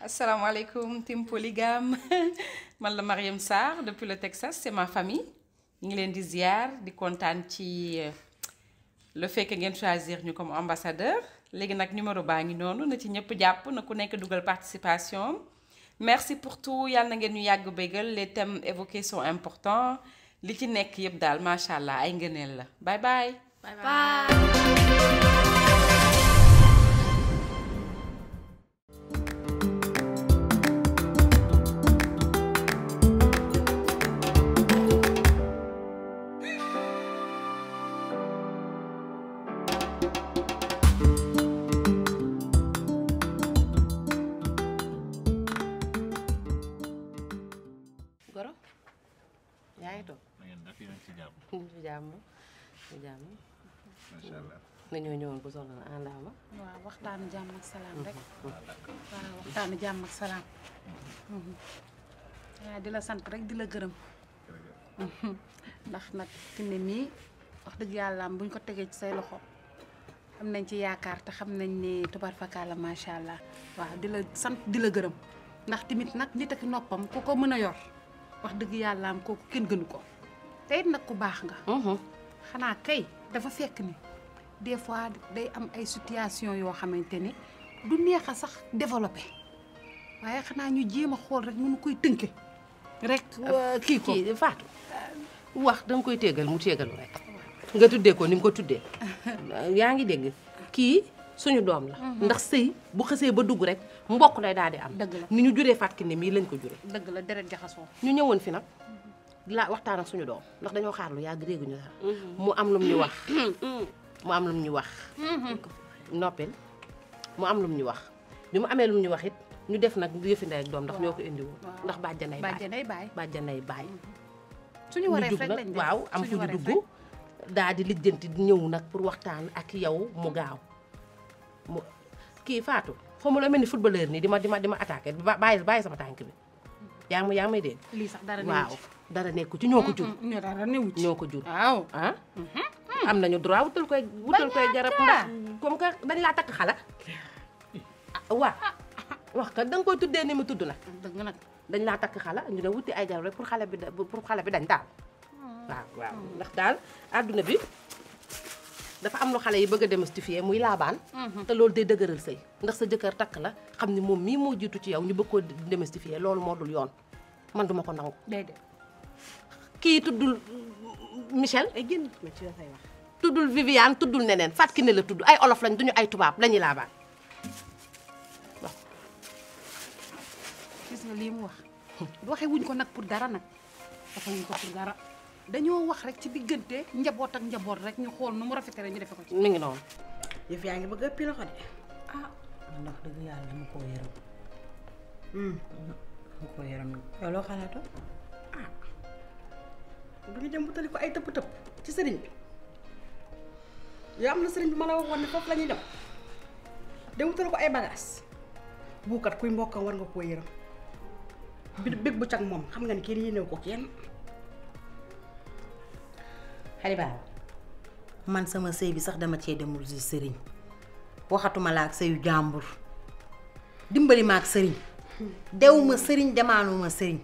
asalaamaaleykum team polygame man la Mariam Sarr depuis le Texas c'est ma famille ñu ngi leen di ziar di kontaan ci euh, le fait que ngeen choisir ñu comme ambassadeur léegi nag numéro baa ngi noonu na ci ñëpp jàpp na ku nekk dugal participation merci pour tout yàlla ngeen ñu yàgg bégal les thèmes évoqués important li ci nekk yëpp daal macha allah ay ngëneel la bye bye. bye bye. dañoo ñëwoon bu soxla na àndaama. waaw waxtaanu jàmm ak salaam mm-hmm. rek. Mm-hmm. waaw jàmm ak mm-hmm. di la sant rek di la gërëm. ndax nag fi ne nii wax dëgg yàlla am bu ñu ko tegee ci say loxo am nañ ci yaakaar te xam nañ ne tubar fakala macha allah. waaw di la sant di la gërëm ndax tamit nag nit ak noppam ku ko mën a yor wax dëgg yàlla am kooku kenn gënu ko te nag ku baax nga. xanaa kay dafa fekk ni. des fois day am ay situation yoo xamante ne du neex a sax développé waaye xanaa ñu jéem a xool rek mënu koy tënke rek euh, euh, kii ko Fatou euh, wax danga koy téegal mu téegal rek nga tuddee ko ni nga ko tuddee yaa ngi dégg kii suñu doom la mhm. ndax sëy bu xësee ba dugg rek mbokk lay daal di am dëgg la ni ñu juree Fatou Kiné mii lañ ko juree la deret jaxasoo ñu ñëwoon fi nag mhm. laa waxtaan ak suñu doom ndax dañoo xaar lu yàgg dégguñu dara mhm. mu am lu mu ñu wax mm. mu am lu mu ñu wax. Mm-hmm. noppil mu am lu mu ñu wax bi mu amee lu mu ñu wax it ñu def nag yëfi ndey ak doom ndax ñoo ko indiwoon. ndax bàjjanay baay bàjjanay baay. Mm-hmm. suñu waree rek lañ am fu ñu dugg di ñëw nag pour waxtaan ak yow mu gaaw mu kii Fatou. xaw ma la mel ni footballeur nii di ma di ma di ma attaqué bàyyi bàyyi sama tànk bi yaa ngi yaa ngi may dégg. lii sax dara nekku ci waaw dara nekku ci ñoo ko jur. Mm-hmm. ñoo ko jur. am nañu droit wutal koy wutal koy garab ndax comme que dañ laa takk xala ah, waaw wax ka da nga koy tuddee ni mu tudd na dëgg nag dañ laa takk xala ñu ne wuti ay garab pour xale bi pour xale bi dañ daal hmm. waaw ndax daal àdduna bi dafa am lu xale yi bëgg a démystifier muy laabaan hmm. te loolu day dëgëral sëy ndax sa jëkkër takk la xam ni moom mii moo jiitu ci yow ñu bëgg koo démystifier loolu moo dul yoon man duma ko nangu déedéet kii tuddul Michel. ay génn ma ci dafay tuddul Viviane tuddul neneen Fatou Kiné la tudd ay olof lañ duñu ay tubaab lañuy laabaan wax. gis nga lii mu wax waxee wuñ ko nag pour dara nag waxee wuñ ko pour dara dañoo wax rek ci diggante njaboot ak njaboot rek ñu xool nu mu rafetee rek ñu defe ko ci. mi ngi noonu. yëf yaa ngi bëgg a piloxo de ah ndax dëgg yàlla dama koo yaram. Hmm. dama koo yaram yow loo xalaatoo. bu ñu dem bu tali ko ay tëpp tëpp ci sëriñ bi yoo am na sëriñ bi ma la waxoon ne foofu la dem dem wutale ko ay bagages buukat kuy mbokkam war nga koo yëram bi bég bu cag moom xam nga ni kenn yéenew ko kenn xalibaal man sama sëy bi sax dama cee demul si sëriñ waxatuma la ak sëyu jàmbur dimbali ma ak sëriñ dewuma sëriñ demaanuma sëriñ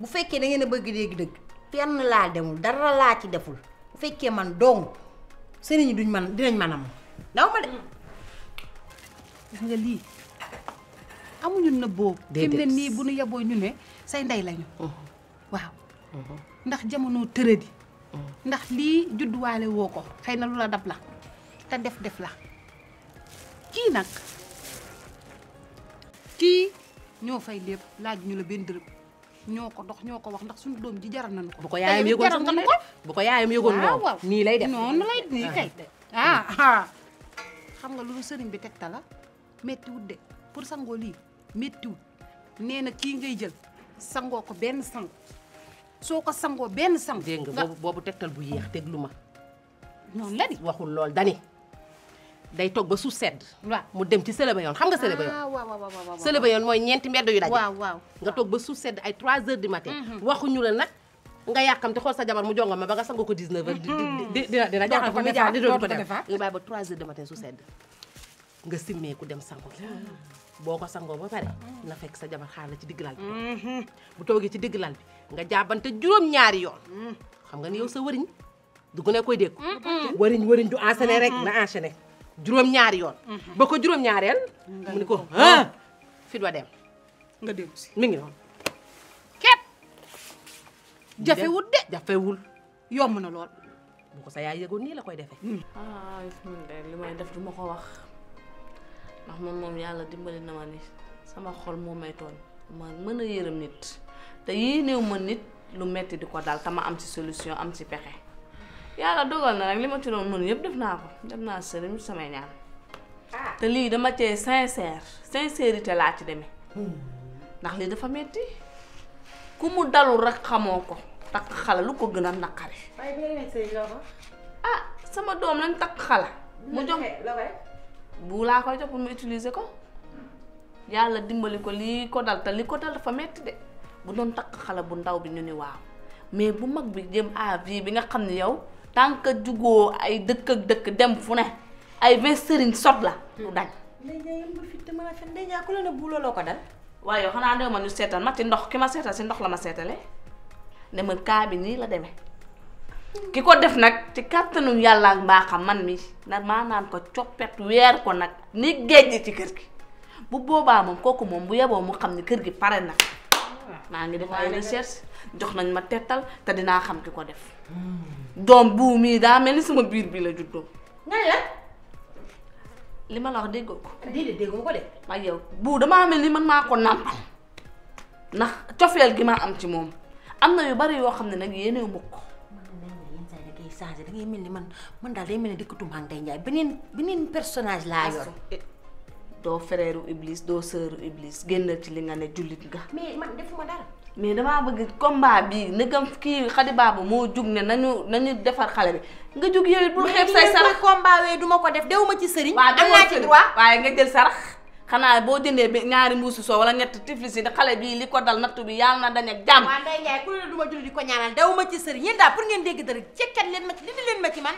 bu fekkee da ngeen bëgg léegi dëgg fenn laa demul dara laa ci deful fekkee man dong sëriñ yi duñ man dinañ mën a daw ma de. Mm. gis nga lii amuñu na déedéet fi mu ne nii bu nu yeboo ñu ne say ndey lañu. Mm-hmm. waaw mm-hmm. ndax jamono tërëdi. Mm. ndax lii judduwaale woo ko xëy na lu la dab la te def def la kii nag kii ñoo fay lépp laaj ñu la benn dërëm. ñoo ko dox ñoo ko wax ndax suñu doom ji jaral nañu ko. bu ko yaayam yëgoon sax mu ko bu ko yaayam yëgoon nii lay def noonu lay nii kay ah, ah xam nga loolu sëriñ bi tegta la méttiwut de pour sangoo lii méttiwut nee na kii ngay jël sangoo ko benn sang soo ko sangoo benn sang. dégg nga boobu boobu tegtal bu yéex lu ma. noonu la di waxul lool dani day toog ba suuf sedd. waaw mu dem ci Sële ba yoon xam nga Sële ba yoon. Ah, waaw waaw mooy ñeenti mbedd yu daje. waaw waaw nga toog ba suuf sedd ay 3 heures du matin. Mhm. waxuñu la nag nga yàkkamte xool sa jabar mu jongo ma ba nga sangu ko 19 heures. Mhm. di dina dina jaaxal ko defaat dootu ko defaat nga bàyyi ba dem sangu boo ko sangoo ba pare mhm. na fekk sa jabar xaar la ci digg lal bi. bu ci digg lal bi nga jàbbante juróom-ñaari yoon. xam nga ni yow sa wëriñ du gën a koy dégg. wëriñ wëriñ du enchaîner rek na enchaîner juróom-ñaari yoon. Mhm. ba ko juróom-ñaareel. mu ni ko ah fi du dem. nga déglu si mi ngi noonu. képp jafewul de jafewul yomb na lool. bu ko sa yaay yëgoon nii la koy defee. Hmm. ah li may def du ma ko wax ndax man moom yàlla dimbali na ma ni sama xol moo may toon ma mën a yërëm nit te new ma nit lu metti di ko daal te ma am si solution am si pexe. yàlla dogal na nag li ma ci doon mën yëpp def naa ko def naa sëriñ samay ñaan ah. te lii dama cee sincère sincérité laa ci demee ndax lii dafa metti ku mu dalul rek xamoo ko takk xala lu ko gën a naqari ah sama doom lañ takk xala mu jox bu laa koy jox pour mu utiliser ko yàlla dimbali ko lii ko dal te li ko dal dafa metti de bu doon takk xala bu ndaw bi ñu ni waaw mais bu mag bi jëm à vie bi nga xam ne yow tant que jugoo ay dëkk ak dëkk dem fu ne ay vingt sëriñ sot la lu dañ. léeg-léeg ku la ne buuloo ko dal. waaye xanaa ne ma ñu seetal ma ci ndox ki ma seetal si ndox la ma seetale ne ma kaa bi nii la demee ki ko def nag ci kàttanu yàlla mbaaxam man mi na maa naan ko coppet weer ko nag ni géej ci kër gi bu boobaa moom kooku moom bu yeboo mu xam ne kër gi pare na. maa ngi def ay recherche jox nañ ma tetal te dinaa xam ki ko def doom buu mii daa mel ni sama biir bii la juddoo nga la li ma la wax déggoo ko déedéet ko de ma yow buu damaa mel ni man maa ko nàmpal ndax cofeel gi ma am ci moom am na yu bari yoo xam ne nag yéene mukk da ngay mel ni man man daal day mel ni dikkatu maa ngi day njaay beneen beneen personnage laa yor doo frère Iblis doo sœur Iblis génnal ci li nga ne jullit nga. mais man defuma dara. mais damaa bëgg combat bii ndegam kii baa baaba moo jug ne nañu nañu defar xale bi nga jug yow it bul xeeb say sarax combat wee du ko def dewuma ci sëriñ. am naa ci droit waaye nga jël sarax. xanaa boo jëndee bi ñaari mbuusu soo wala ñett tiflis yi xale bii li ko dal nattu bi yàlla na dañ ak jàmm. waaw Ndeye Ndiaye ku ne du ma ko ñaanal dewuma ci sëriñ yéen daal pour ngeen dégg dara cekkat leen ma ci li ma ci man.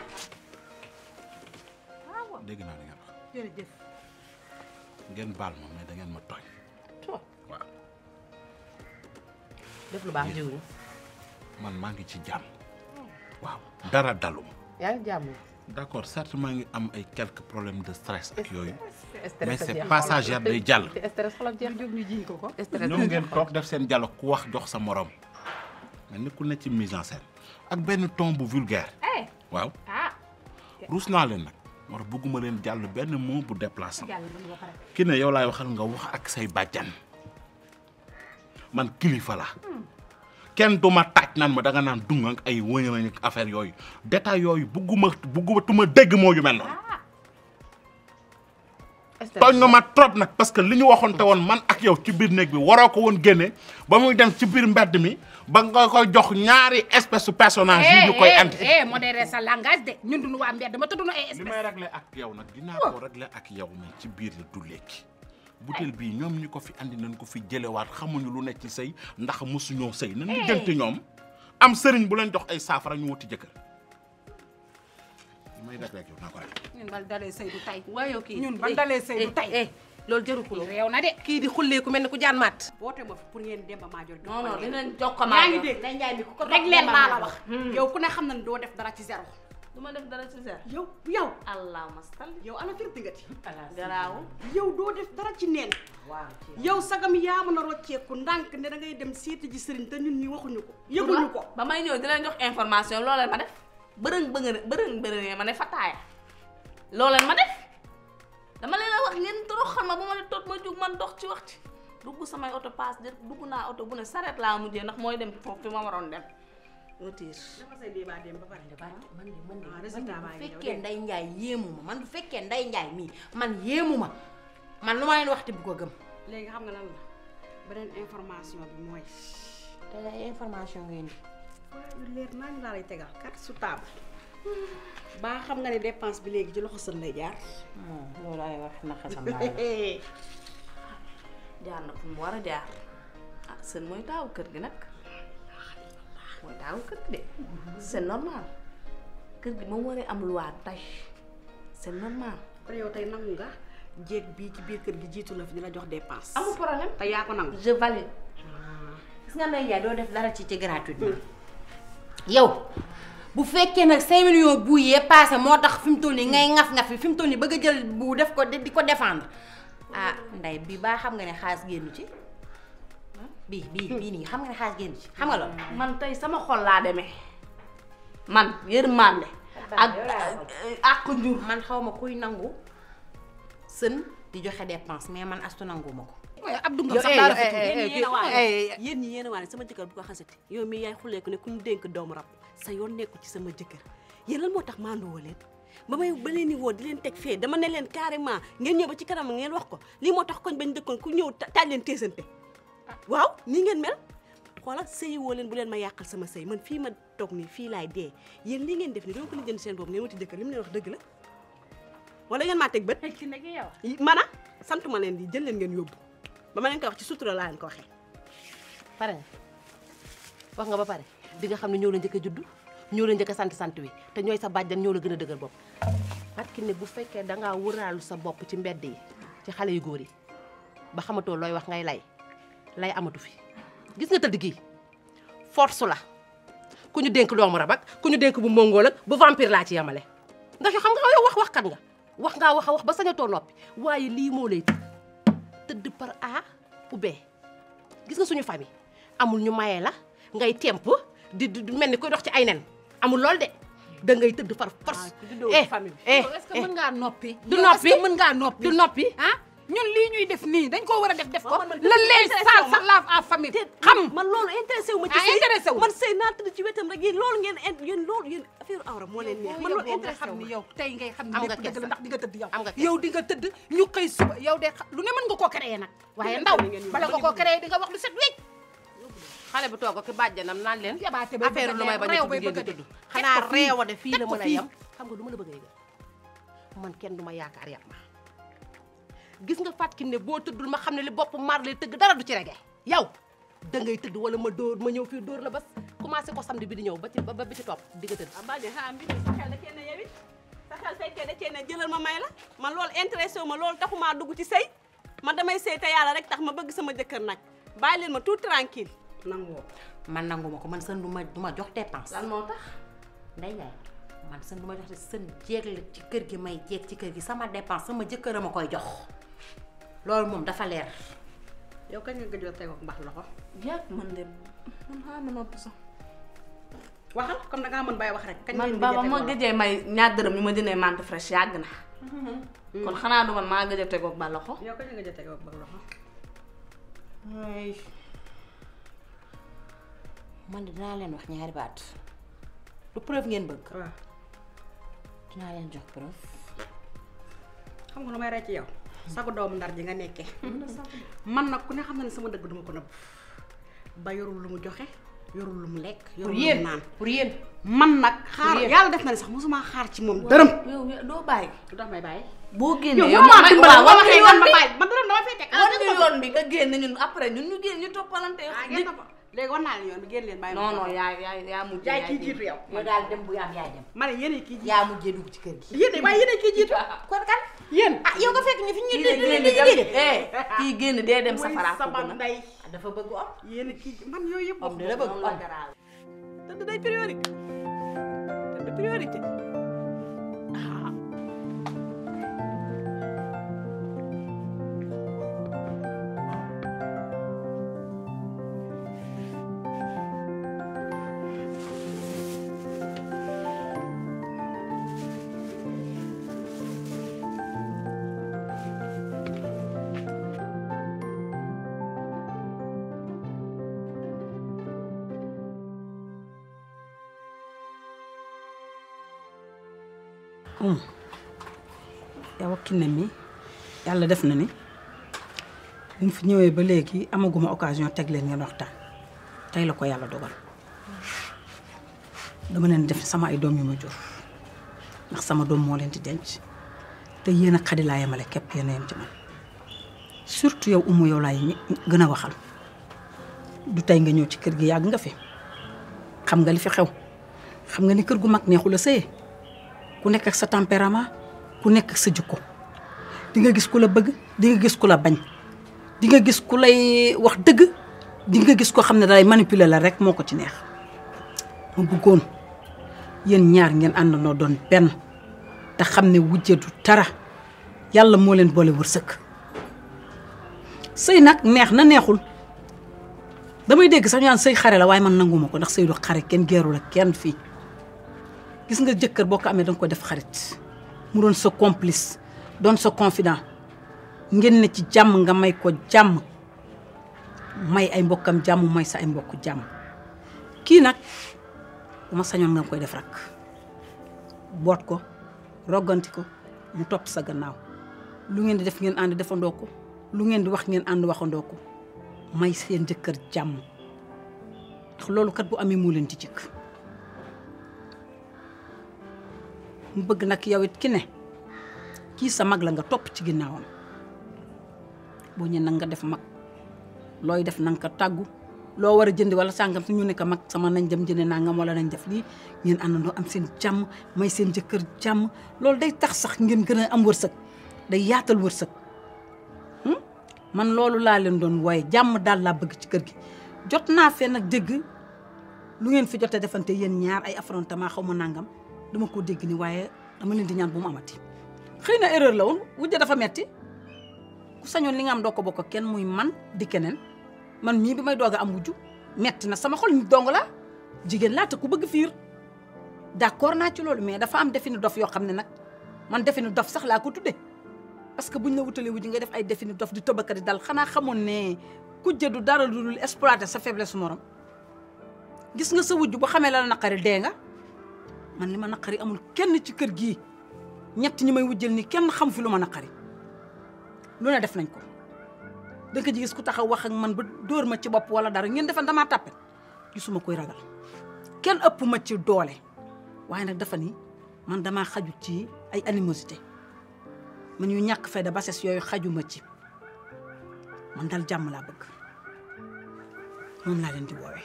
ngeen baal ma mais da ngeen ma tooñ. maa ngi ci jàmm. Oh. waaw dara dalum yaa ngi maa ngi am ay quelques problèmes de stress ak day jàll. stress ngeen toog def seen dialogue ku wax jox sa moroom mais nekkul na ci mise en scène ak benn ton bu vulgaire. Eh. waaw ah. ruus naa leen nag. ma tax bëgguma leen jàll benn mot bu déplacé ki ne yow laay waxal nga wax ak say bàjjan man kilifa la hmm. kenn du ma taaj naan ma danga naan dunga ak ay wëñëlañ ak affaire yooyu détail yooyu bëgguma bëgguma tuma dégg moo yu mel tooñ nga ma trop nag parce que li ñu waxoonte woon man ak yow ci biir néeg bi waroo ko woon génne ba muy dem ci biir mbedd mi ba nga koy jox ñaari espèce su personnage yi ñu eh, koy andi eh, eh modéré sa langage de ñun duñu waa mbedd ma te duñu ay li may réglé ak yow nag dinaa oh. ko réglé ak yow mais ci biir la du lekki butel bii ñoom ñu ko fi andi nan ko fi jëlewaat xamuñu lu nekk ci sëy ndax mosuñoo sëy na di eh. jënti ñoom am sëriñ bu leen jox ay saafara ñu wuti jëkkër may dàq rek yow naa ko rek. ñun bal dalee sëy du tay. waaye kii ñun bal dalee sëy du eh, tay. Eh, eh, loolu jëru ko réew na de. kii di xulleeku mel ni ku jaan maat. woote ma fi pour ngeen dem ba Maajoor. non non dinañ jox ko maa ngi dégg Ndeye Ndiaye mi ku ko rek leen maa la wax. Hmm. yow ku ne xam na ne doo def dara ci zéro. du ma def dara ci zéro. yow yow. allahumma salli. yow ana fir dingati. garaaw yow doo def dara ci neen. waaw yow sagam yaa mën a rocceeku ndànk ne da ngay dem seeti ji sëriñ te ñun ñi waxuñu ko. yëguñu ko ba may ñëw dinañ jox information loolu la ma def bërëng bëngë bërëng bërëngee ma ne fataaya looleen ma def dama leen a wax ngeen toroxal ma bu ma ne toog ma jug man dox ci wax ci dugg samay oto paas jël dugg naa auto bu ne saret laa mujjee ndax mooy dem foofu fi ma waroon dem retiir man bu fekkee nday njaay yéemu ma man bu fekkee nday njaay mii man yéemu ma man lu ma leen wax te bu ko gëm léegi xam nga lan beneen information bi mooy ngay nii lu naa ñu laa lay tegal carte su table baa xam nga ne dépense bi léegi ci loxo sën lay jaar. Ah, loolu ay wax naxa sama jaar na fu mu war a jaar ah sën mooy taawu kër gi nag mooy taawu kër gi de c'est normal kër gi moom waree am lu waa tey c'est normal. kon yow tey nangu nga jéeg bii ci biir kër gi jiitu la fi ñu la jox dépense. amul problème te yaa ko nangu. je valide. Ah. gis nga Ndeye Ndiaye doo def dara ci ci gratuitement. yow bu fekkee nag 5 millions bu yee passé moo tax fi mu toll nii ngay ngaf-ngaf fi mu toll nii bëgg a jël bu def ko di ko défendre ah nday bi baa xam nga ne xaalis génn ci bii bii xam nga ne génn ci xam nga loolu. man tey sama xol laa deme man yërmande ak ak njur man xaw ma kuy nangu sën di joxe dépense mais man astu nangu ma ko. ab dundam sax daal yéen ñi yéen a waane sama jëkkër bu ko xasati yow mii yaay xuleeku ne ku ñu dénk doomu rab sa yoon nekku ci sama jëkkër yéen lan moo tax maandoo leen ba may ba leen di teg fee dama ne leen carrément ngeen ñëw ba ci kanam ngeen wax ko lii moo tax koñ bañ dëkkoon ku ñëw taaj leen waaw nii ngeen mel xoola sëyi woo leen bu leen ma yàqal sama sëy man fii ma toog nii fii laay dee yéen lii ngeen def ni doo ko jën seen boobu ngeen wuti jëkkër li mu leen wax dëgg la wala ngeen maa teg bët mana santuma leen di jël leen ngeen yóbbu ba ma leen wax ci sutura laa leen ko waxee pare nga wax nga ba pare di nga xam ne ñoo la njëkk a juddu ñoo la njëkk sant sant wi te ñooy sa bàjjan ñoo la gën a dëgër bopp parce que bu fekkee dangaa wëraalu sa bopp ci mbedd yi ci xale yu góor yi ba xamatoo looy wax ngay lay lay amatu fi gis nga tëdd gii force la ku ñu dénk doomu rab ak ku ñu dénk bu mongol ak bu vampire laa ci yamale ndax xam nga yow wax wax kat nga wax ngaa wax a wax ba sañatoo noppi waaye lii moo lay tëdd par A ou B gis nga suñu famille amul ñu maye la ngay temp di di mel ni koy dox ci ay nen amul lool de da ngay tëdd par force. ah eh, eh, eh. du famille. est que mën ngaa noppi. du noppi mën ngaa noppi du noppi ah. ñun lii ñuy def nii dañ koo war a def def ko la leen saal a laaf en famille xam man loolu intéressé wu ma ci ah, intéressé wu man sëy naa tëdd ci wetam rek yéen loolu ngeen yéen loolu yéen affaire awra moo leen neex man loolu intéressé xam ni yow tey ngay xam ni lépp ndax di nga tëdd yow nga tëdd ñu xëy suba yow de lu ne mën nga koo créé nag waaye ndaw bala nga koo créé di nga wax lu set wécc xale bu toog ak bàjjanam naan leen affaire lu may bañ a tudd xanaa réew a de fii la mën a yem xam nga lu ma la bëgg a yëgal man kenn du ma yaakaar ma gis nga fat ki ne boo tëddul ma xam ne li bopp maar lay tëgg dara du ci rege yow da ngay tëdd wala ma dóor ma ñëw fii dóor la ba commencé ko samedi bi di ñëw ba ci ba bi ci topp di nga tëdd ambaje ah, a ah, mbi sa xel da cee yewit sa xel fekkee da cee na jëlal ma may la ma loolu intéressé wu ma loolu taxumaa dugg ci sëy ma damay sëy te yàlla rek tax ma bëgg sama jëkkër nag bàyyi leen ma tout tranquille nangoo man nangu ma ko man sën du ma du ma jox dépense lan moo tax nday yaay man sën du ma jox te sën jeeg ci kër gi may jeeg ci kër gi sama dépense sama jëkkër a koy jox loolu moom dafa leer. yow kañ nga gëj a teg loxo. yàgg man de man xaaral ma nopp waxal comme da ngaa mën bay wax rek. kañ man baba ma gëjee may ñaar dërëm ñu ma jëndee menthe yàgg na. Mm-hmm. Mm. xanaa du maa gëj a teg ak ba loxo. yow kañ nga man de dinaa leen wax ñaari baat lu preuve ngeen bëgg. waaw leen jox preuve. xam nga lu may rey ci yow. sagu doomu ndar ji nga nekkee man nag ku ne xam na ne sama dëgg duma ko nëbb ba yorul lu mu joxe yorul lu mu lekk yorul lu mu naan pour yéen man nag xaar yàlla def na ne sax mosuma xaar ci moom dërëm yow doo bàyyi may bàyyi boo génnee yow maa dimbala wala xëy man ma bàyyi man dërëm dama fay teg yoon bi nga génn ñun après ñun ñu génn ñu toppalante ah, léegi war naa yoon bi génn leen bàyyi. non non yaa yaa yaa mujj. yaay kii jiitu yow yow daal dem bu yaam yaay dem. ma ne yéen kii jiitu yaa mujjee dugg ci kër gi. yéen yéen kii jiitu. kon kan yéen. ah yow nga fekk ñu fi ñu ñu génn. Eh, kii génn dee safara sama ndey ah, dafa bëgg om. yéen kii man yooyu yëpp. om dina bëgg om tëdd day ah. Mm. yow ak Kiné mi yàlla def na ni bu fi ñëwee ba léegi amaguma occasion teg leen ngeen waxtaan tey la ko yàlla dogal dama leen def sama ay doom yu ma jur ndax sama doom moo leen di denc te yéen a xadi kepp yemale képp a yem ci man surtout yow umu laa yi gën a waxal du tey nga ñëw ci kër gi yàgg nga fi xam nga li fi xew xam nga ni kër gu mag neexul a sëye ku nekk sa tempérament ku nekk ak sa jikko di nga gis ku la bëgg dinga gis ku la bañ di nga gis ku lay wax dëgg di nga gis ko xam ne dalay manipuler la rek moo ko ci neex mu bëggoon yéen ñaar ngeen àndandoo doon benn te xam ne wujje du dara yàlla moo leen boole wërsëg sëy nag neex na neexul damay dégg sax ñu naan sëy xare la waaye man nanguma ko ndax sëy du xare kenn geeru la kenn fii gis nga jëkkër boo ko amee danga ko def xarit mu doon sa complice doon sa confident ngeen ne ci jàmm nga may ko jàmm may ay mbokkam jàmm may sa ay mbokk jàmm kii nag bu ma koy def rak boot ko rogganti ko mu topp sa gannaaw lu ngeen di def ngeen ànd defandoo lu ngeen di wax ngeen ànd waxandoo ko may seen jëkkër jàmm ndax loolu kat bu amee moo leen di jëkk mu bëgg nag yow it ki ne kii sa mag la nga topp ci ginnaawam boo ñëwee nag nga def mag looy def nanga tàggu loo war a jënd wala sàngam si ñu nekk mag sama nañ dem jënd nangam wala nañ def lii ngeen àndandoo am seen jàmm may seen jëkkër jàmm loolu day tax sax ngeen gën a am wërsëg day yaatal wërsëg hmm? man loolu laa leen doon wooye jàmm daal laa bëgg ci kër gi jot naa fee nag dégg lu ngeen fi jotee defante yéen ñaar ay affrontement xaw ma nangam dama ko dégg ni waaye dama leen di ñaan bu mu amati xëy na erreur la woon wujja dafa metti ku sañoon li nga am doo ko bokk kenn muy man di keneen man mii bi may doog a am wujju metti na sama xol dong la jigéen laa te ku bëgg fiir d'accord naa ci loolu mais dafa am defini dof yoo xam ne nag man defini dof sax laa ko tuddee parce que bu buñ la wutalee wujju nga def ay defini dof di tëbakati dal xanaa xamoon ne ku jëdu dara lu dul exploiter sa faiblesse morom gis nga sa wujju bu xamee la naqari dee nga man li ma naqari amul kenn ci kër gi ñett ñi may wujjal ni kenn xam fi lu ma naqari lu ne def nañ ko danga ji gis ku taxaw wax ak man ba dóor ma ci bopp wala dara ngeen defan damaa tàppet gisuma koy ragal kenn ëpp ma ci doole waaye nag dafa ni man dama xaju ci ay animosité man yu ñàkk fayda ba ses yooyu xajuma ci man dal jàmm laa bëgg moom laa leen di woowee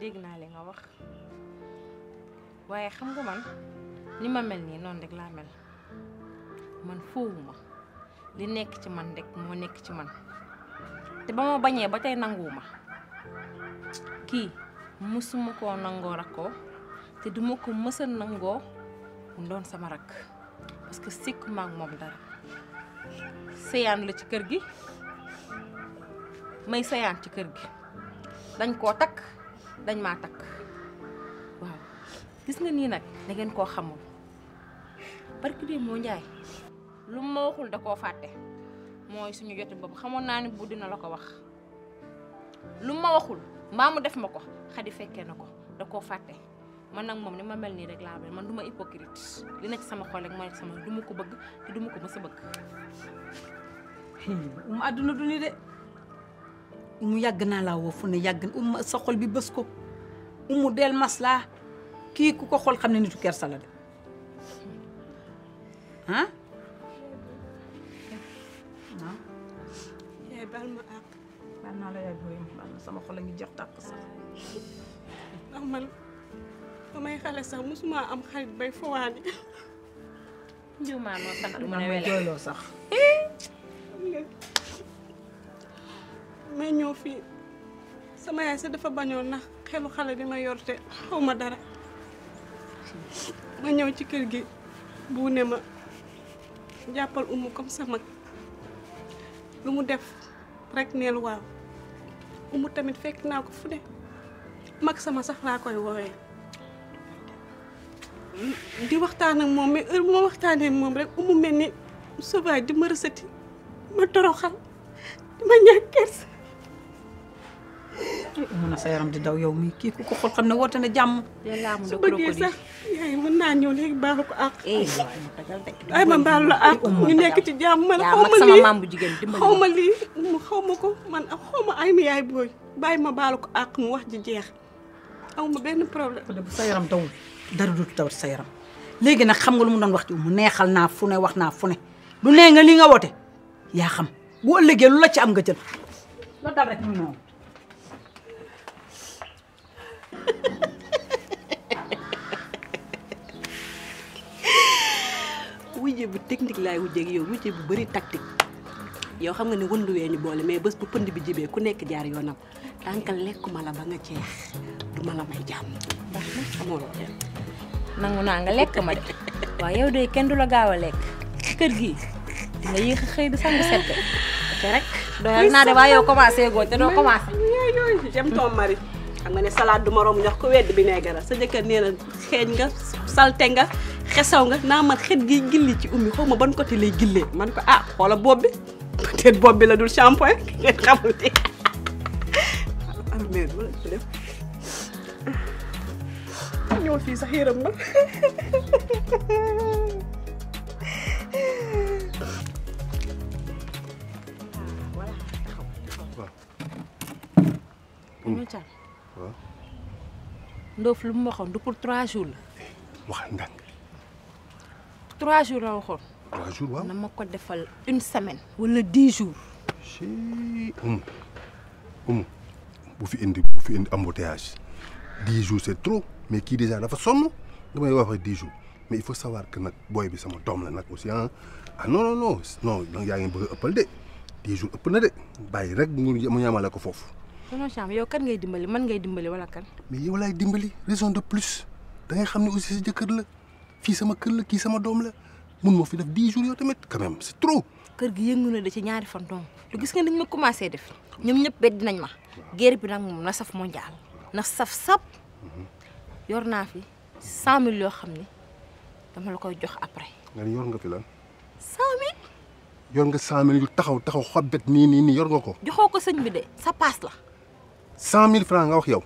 dégg naa li nga wax waaye xam nga man ni ma mel nii noonu rek laa mel man foowuma li nekk ci man rek moo nekk ci man te ba ma bañee ba tey nanguwuma kii mësuma koo nangoo rakkoo te duma ko mësa nangoo mu doon sama rakk parce que sikku moom dara séyaan la ci kër gi may séyaan ci kër gi dañ koo takk dañ maa takk waaw gis nga nii nag dangeen koo xamul barki bi moo njaay lu ma waxul da koo fàtte mooy suñu joti bopp xamoon naa ni bu dina la ko wax lu ma waxul mbaa mu def ma ko xadi fekkee na ko da koo fàtte mën nag moom ni ma mel nii rek laa mel man du ma dina li nekk sama xol rek nekk sama du ko bëgg te du ko mës bëgg. um àdduna du ni de. mu yàgg naa laa woo fu ne yàgg umu sa xol bi bës ko umu del maslaa kii ku ko xool xam ne nitu kersa la de ah eh, yaay baal ma àq baal naa la yaay booy baal ma sama xol a ngi jox tàq sax ndax man damay xale sax musuma am xarit bay fawaani jummaa noo sax du ma jooyloo sax eh, may ñëw fii sama yaay sax dafa bañoon ndax xelu xale bi ma yorte xaw ma dara ma ñëw ci kër gi bu ma jàppal umu comme sa mag lu mu def rekk neel waaw umu tamit fekk naa ko fu ne mag sama sax laa koy woowee di waxtaan ak moom mais heure ma waxtaanee moom rekk umu mel ni sauvage di ma rësati ma toroxal di ma ñàkk na sa yaram di daw yow mi kii ku ko xool xam ne woote na jàmm. su bëggee sax yaay mën naa ñëw léegi baalu ko àq. Eh, ay ma baalu la àq nekk ci jàmm man xaw ma lii xaw ma lii ma ko man xaw ma ay mi yaay booy bàyyi ma baalu ko àq mu wax ji jeex aw ma benn problème. bu sa yaram dawul dara dootu tawat sa yaram léegi nag xam nga lu mu wax ci mu neexal naa fu ne wax naa fu ne lu nee nga lii nga woote yaa xam bu ëllëgee lu la ci am nga jël loolu wujje bu technique laay wujje ak yow wujje bu bëri tactique yow xam nga ne wënduwee ñu boole mais bés bu pënd bi jibee ku nekk jaar yoonam tànk lekkuma la ba nga ceex du la may jàmm nangu naa nga lekk ma de waaw yow de kenn du la gaaw a lekk kër gi dinga yéex xëy di sangu set te rek doyal naa de waaye yow commencé goo te doo commencé j'aime ton mari ma nga ne salade du moroom ñox ko wedd vinaigre sa jëkkër nee xeeñ nga salte nga xesaw nga naa man xet gi gilli ci ummi xaw ma ban côté lay gillee man ko ah xoola bopp bi peut-être bopp bi la dul shampoing ma ñëw fii sax yërëm ma Ndof lu mu waxoon du pour trois jours la. waxal ndànk. ma ko defal une semaine. wala dix jours. chii um um bu fi indi bu indi embouteillage dix jours c'est trop mais kii déjà dafa sonn damay wax ak dix jours mais il faut savoir que nag booy bi sama doom la nag aussi ah ah non non yaa ngi bëgg a ëppal de dix jours ëpp na de bàyyi rek bu ñu mu ñaamale ko foofu. tonton Cham yow kan ngay dimbali man ngay dimbali wala kan. mais yow laay dimbali raison de plus da ngay xam ne aussi sa jëkkër la fii sama kër la kii sama doom la mun moo fi def dix jours yow tamit quand même c'est trop. kër gi yëngu na da ci ñaari fan gis nga dañ ma commencé def ñoom ñëpp bett dinañ ma. guerre bi nag moom na saf mondial na saf sap yor naa fi cent mille yoo xam ne dama la koy jox après. nga ni yor nga fi lan. yor nga cent mille yu taxaw taxaw xobbet nii nii nii yor nga ko. joxoo ko sëñ bi de sa paas la. cent mille francs nga wax yow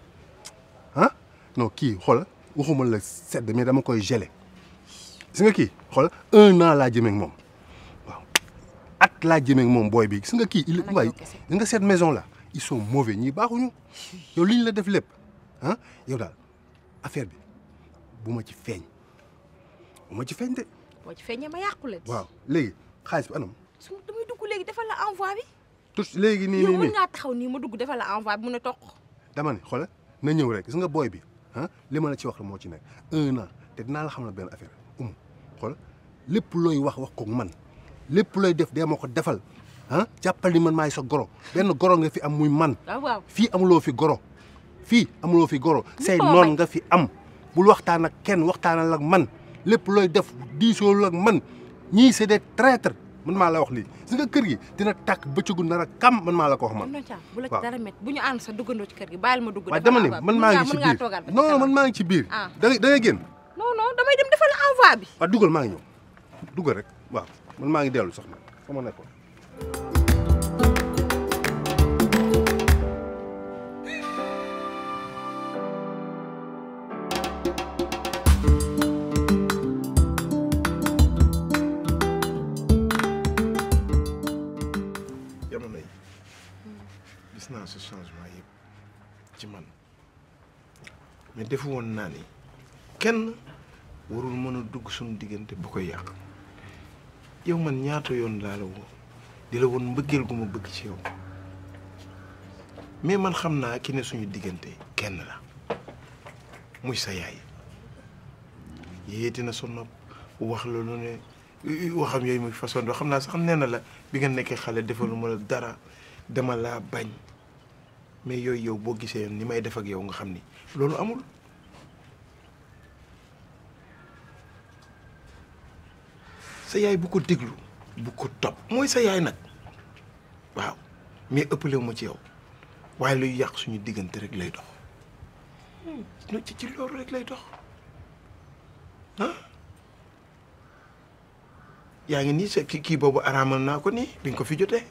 ah non kii xool waxuma la sedd mais dama koy gelé gis nga kii xool un an laa jëmee moom waaw at laa jëmee moom booy bi gis nga kii nga set maison la ils sont mauvais ñii baaxuñu yow li ñu la def lépp ah yow daal affaire bi bu ma ci feeñ bu ma ci feeñ de. boo ci feeñee ma yàqule. waaw léegi xaalis bi anam. su damay dugg léegi dafa la envoi bi. tous léegi nii nii nii mën ngaa taxaw nii ma dugg defal la envoi bi mu ne toq. dama ne xoolal na ñëw rek gis nga booy bi ah li ma la ci wax la moo ci nekk un te dinaa la xam ne benn affaire umu xool lépp looy wax wax ko man lépp looy def dee ma ko defal ah jàppal ni man maay sa goro benn goro nga fi am muy man. Ah, waaw fii amuloo fi goro. fii amuloo fi goro. say noon nga fi am. bul waxtaan ak kenn waxtaanal ak man lépp looy def diisoolu ak man ñii c'est des traîtres. man maa la wax lii si nga kër gi dina tàkk bëccëgu nar a kam man maa la ko wax man. bu la ci dara métti bu ñu ànd sax duggandoo ci kër gi bàyyil ma dugg. waaw dama ne man maa ngi ci biir non non man maa ngi ci biir. da ngay da ngay génn. non damay dem defal envoi bi. waaw ah, maa ngi ñëw dugal rek waaw man maa ngi dellu sax man sama nekkoon. ne defu woon naa ni kenn warul mën a dugg suñu diggante bu ko yàq yow man ñaata yoon laa la woo di la woon mbëggeel gu ma bëgg ci yow mais man xam naa ki ne suñu diggante kenn la muy sa yaay yéeti na sa nopp wax la lu ne waxam yooyu muy façon doo xam naa sa xam nee na la bi nga nekkee xale defaluma la dara dama laa bañ mais yooyu yow boo gisee ni may def ak yow nga xam ni loolu amul sa yaay bu ko déglu bu ko topp mooy sa yaay nag waaw mais ëppalewu ma ci yow waaye luy yàq suñu diggante rek lay dox hmm. ci ci loolu rek lay dox ah yaa ngi nii sa kii boobu araamal naa ko nii bi nga ko fi jotee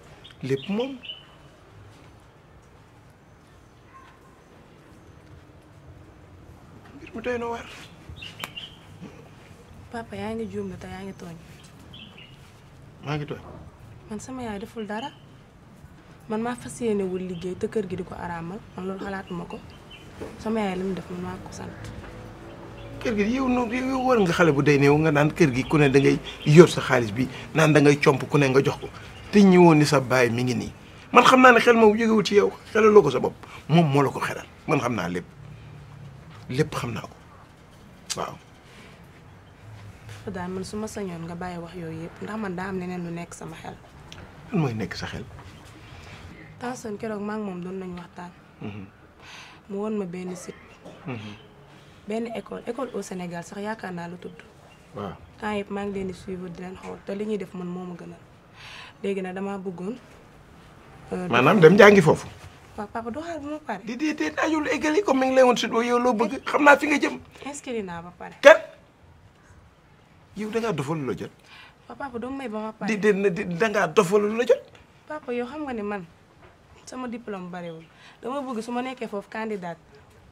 lépp moom mbir mu doy na war papa yaa ngi juum te yaa ngi tooñ maa ngi tooy. man sama yaay deful dara man maa fas yéenewul liggéey te kër gi di ko araamal man loolu xalaatuma ko sama yaay li mu def man maa ko sant. kër gi yow noonu yow war nga xale bu day néew nga naan kër gi ku ne da ngay yor sa xaalis bi naan da ngay comp ku ne nga jox ko te ñëwoon ni sa baay mi ngi nii man xam naa ne xel moom jógewul ci yow xelaloo ko sa bopp moom moo la ko xelal man xam naa lépp lépp xam naa ko waaw. daal man su ma sañoon nga bàyyi wax yooyu yëpp ndax man daa am neen lu nekk sama xel. lan mooy nekk sa xel. Tanson keroog maa ngi moom doon nañu waxtaan. Mhm. mu woon ma benn site. Mhm. benn école au Sénégal sax yaakaar naa lu tudd. waaw temps maa ngi leen di suivre di leen xool te li ñuy def man moo ma gënal léegi nag damaa bëggoon. Euh, maanaam dem jàngi foofu. waaw papa doo xaar bu ma pare. di di di ayul eggali comme mi ngi lay woon si yow loo bëgg xam naa fi nga jëm. inscrit naa ba pare. yow dangaa dofal lu la jot. waaw papa doo may ba ma pare. la jot. papa xam nga ne man sama bari bariwul dama bëgg su ma nekkee foofu candidat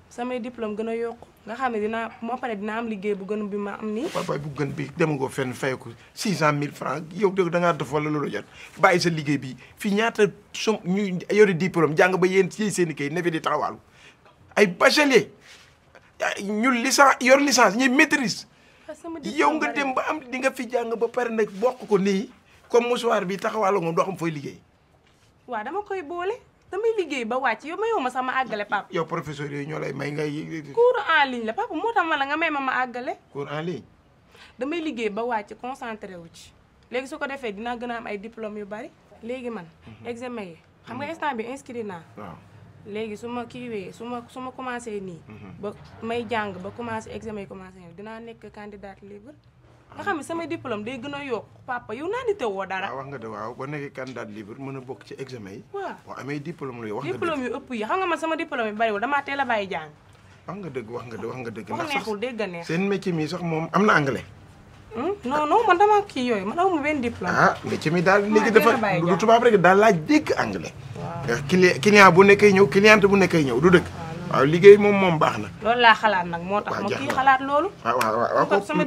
samay diplôme gën a yokku nga xam ne dinaa moo pare dinaa am liggéey bu gën bi ma am nii. papa bu gën bi dem nga fenn fay ko six cent mille francs yow dangaa dofal lu la jot bàyyi sa liggéey bi fii ñaata som ñu yore diplôme jàng ba yéen si seen i kay ne fi di taxawaalu ay bachelier ñu licence yor licence ñuy maîtrise. Ah, yow nga dem ba am di nga fi jàng ba pare nag bokk ko nii comme mouchoir bi taxawaalu moom doo xam fooy liggéey. waaw dama koy boole damay liggéey ba wàcc yow mayoo ma sax ma àggale papa. yow professeur yooyu ñoo lay may ngay. cours en ligne la papa ma la nga may ma ma àggale. cours en damay liggéey ba wàcc concentré wu ci léegi su ko defee dinaa gën a am ay diplôme yu bari léegi man. Mhm. examen yi xam nga mhm. instant bi inscrit naa. léegi su ma kiiwee su ma su ma commencé nii. Mhm. ba may jàng ba commencé examen yi commencé nii dinaa nekk candidate libre. nga xam ne sama diplôme day gën a yokk papa yow naa di tewoo dara. wax nga de waaw ba nekkee candidat libre mën a bokk ci examen yi. waaw boo amee diplôme la wax nga diplôme yu ëpp yi xam nga man sama diplôme yi bariwul damaa teel a bàyyi jàng. wax nga dëgg wax nga dëgg wax nga dëgg. ndax sax seen métier mi sax moom am na anglais. non hmm? non man dama kii yooyu man aw ma benn diplôme. ah métier mi daal léegi ah, dafa du tubaab rek daal laaj dégg anglais. waaw euh, client bu nekkee ñëw cliente bu nekkee ñëw du dëgg. waaw liggéey moom moom baax na. loolu laa xalaat nag moo tax ma kii xalaat loolu. waaw waaw waaw kooku sama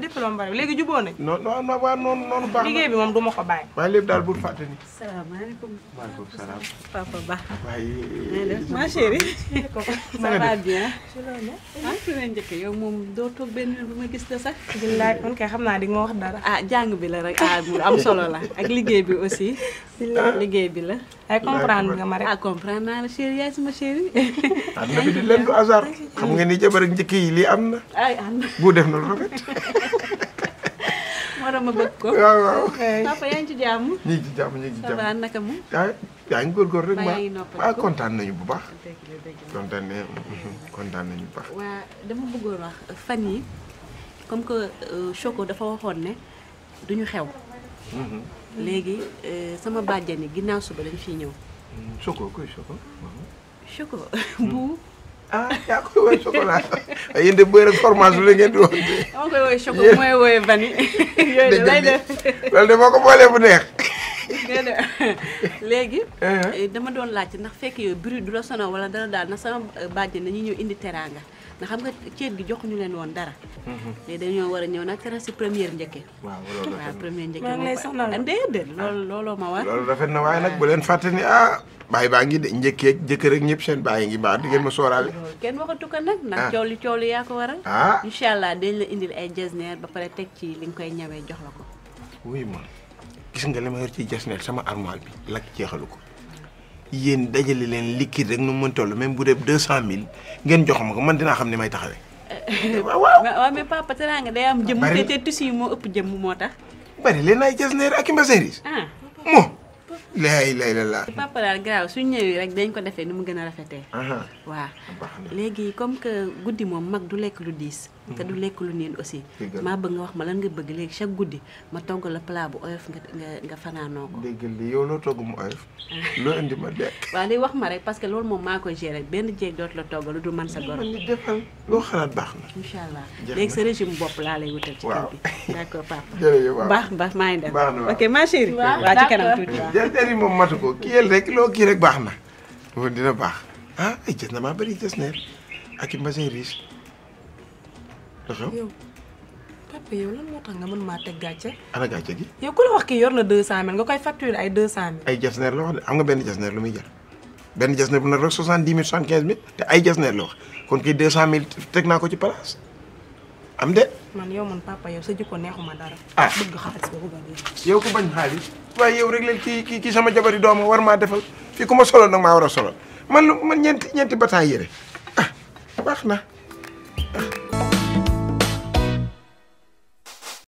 léegi juboo nañ. non non liggéey bi moom du ko bàyyi. waaye lépp daal bul fàtte ni. salaamaaleykum. maaleykum salaam. papa Ba. waaye. Eh, ma chérie. ça va bien. Ah, yow moom doo toog benn yoon ma gis la sax. billaay man kay xam naa di nga ma wax dara. ah jàng bi la rek ah am solo la ak liggéey bi aussi. liggéey bi la. ay comprendre nga ma rek ah comprendre naa la chérie sama chérie. àdduna bi di leen du hasard. xam nga ni jabar ak njëkk yi lii am na. bu def na lu ma bëgg ko. ci jàmm. ñu ngi ci jàmm ñu ngi ci kontaan nañu bu baax. kontaan nañu kontaan nañu bu baax. waa fan yi comme que Choco dafa waxoon ne duñu xew. léegi euh, sama bàjjani ginnaaw suba lañ fi ñëw. Mm, choco kuy Choco. Choco hmm. bu. ah yaa koy woowee chocolat yéen de booy rek fromage bi la ngeen di wax. maa koy woowee choco bu may woowee bani. ko boolee bu neex. léegi. Eh. Eh, dama doon laajte ndax fekk yooyu bruit du la sonal wala dara daal na sama bàjjen nañu ñëw indi teraanga. nga xam nga ceet gi jox ñu leen woon dara. Mm-hmm. léegi dañoo war a ñëw nag ren si première waaw loolu waaw première njëkke moom lay ah, looloo ma war. loolu rafet na waaye nag bu leen fàtte ni ah. baay baa ngi de njëkkee jëkkër ak ñëpp seen bàyyi ngi baax di ngeen ma sóoraale. Ah, kenn waxatu ko nag. ndax ah. coow li coow yaa ko waral. ah incha allah dañ la indil ay neer ba pare teg ci li nga koy ñawee jox la ko. wuy ma gis nga li ma yor ci jasneer sama armoire bi lakk jeexalu ko yéen dajale leen liquide rek nu mu mën toll bu dee deux cent mille ngeen jox ma ko man dinaa xam ni may taxawee. waaw waaw mais papa teraanga day am jëmm te te tissu yi moo ëpp jëmm moo tax. bari leen ay jasneer ak i mbaseris. ah moo. lay lay la laa. papa daal garaaw suñ ñëwee rek dañ ko defee ni mu gën a rafetee. waaw léegi comme que guddi moom mag du lekk lu diis. te du lekk lu niin aussi maa bëgg nga wax ma lan nga bëgg léegi chaque guddi ma togg la plat bu oyof nga fanaanoo ko dégg li loo indi ma lekk waaw wax ma parce que loolu moom maa ko gérer benn jéeg doot la togg lu du man sa loo xalaat baax na incha allah léegi sa régime bopp laa lay wutal ci kër bi d'accord papa baax baax maa ngi dem baax na ok ma chérie waaw ci kanam ko loo kii rek baax na dina baax ah na maa bëri jës neer yow papa yow lan moo tax nga mën maa teg gàcce. ana gàcce gi. yow ku la wax kii yor na 200000 nga koy facturer ay 200000. ay jasneer la wax de xam nga benn jasneer lu muy jar benn jasneer bu nekk rek 70000 75000 te ay jasneer la wax kon kii 200000 teg naa ko ci place am de. man yow man papa yow sa jikko neexuma dara. ah bëgg xaalis boobu ba yow ku bañ xaalis waaye yow rek leen kii kii kii sama jabari dooma war maa defal fii ku ma solo nag maa war a solo man lu man ñeenti ñeenti bataay yére ah baax na. Ah.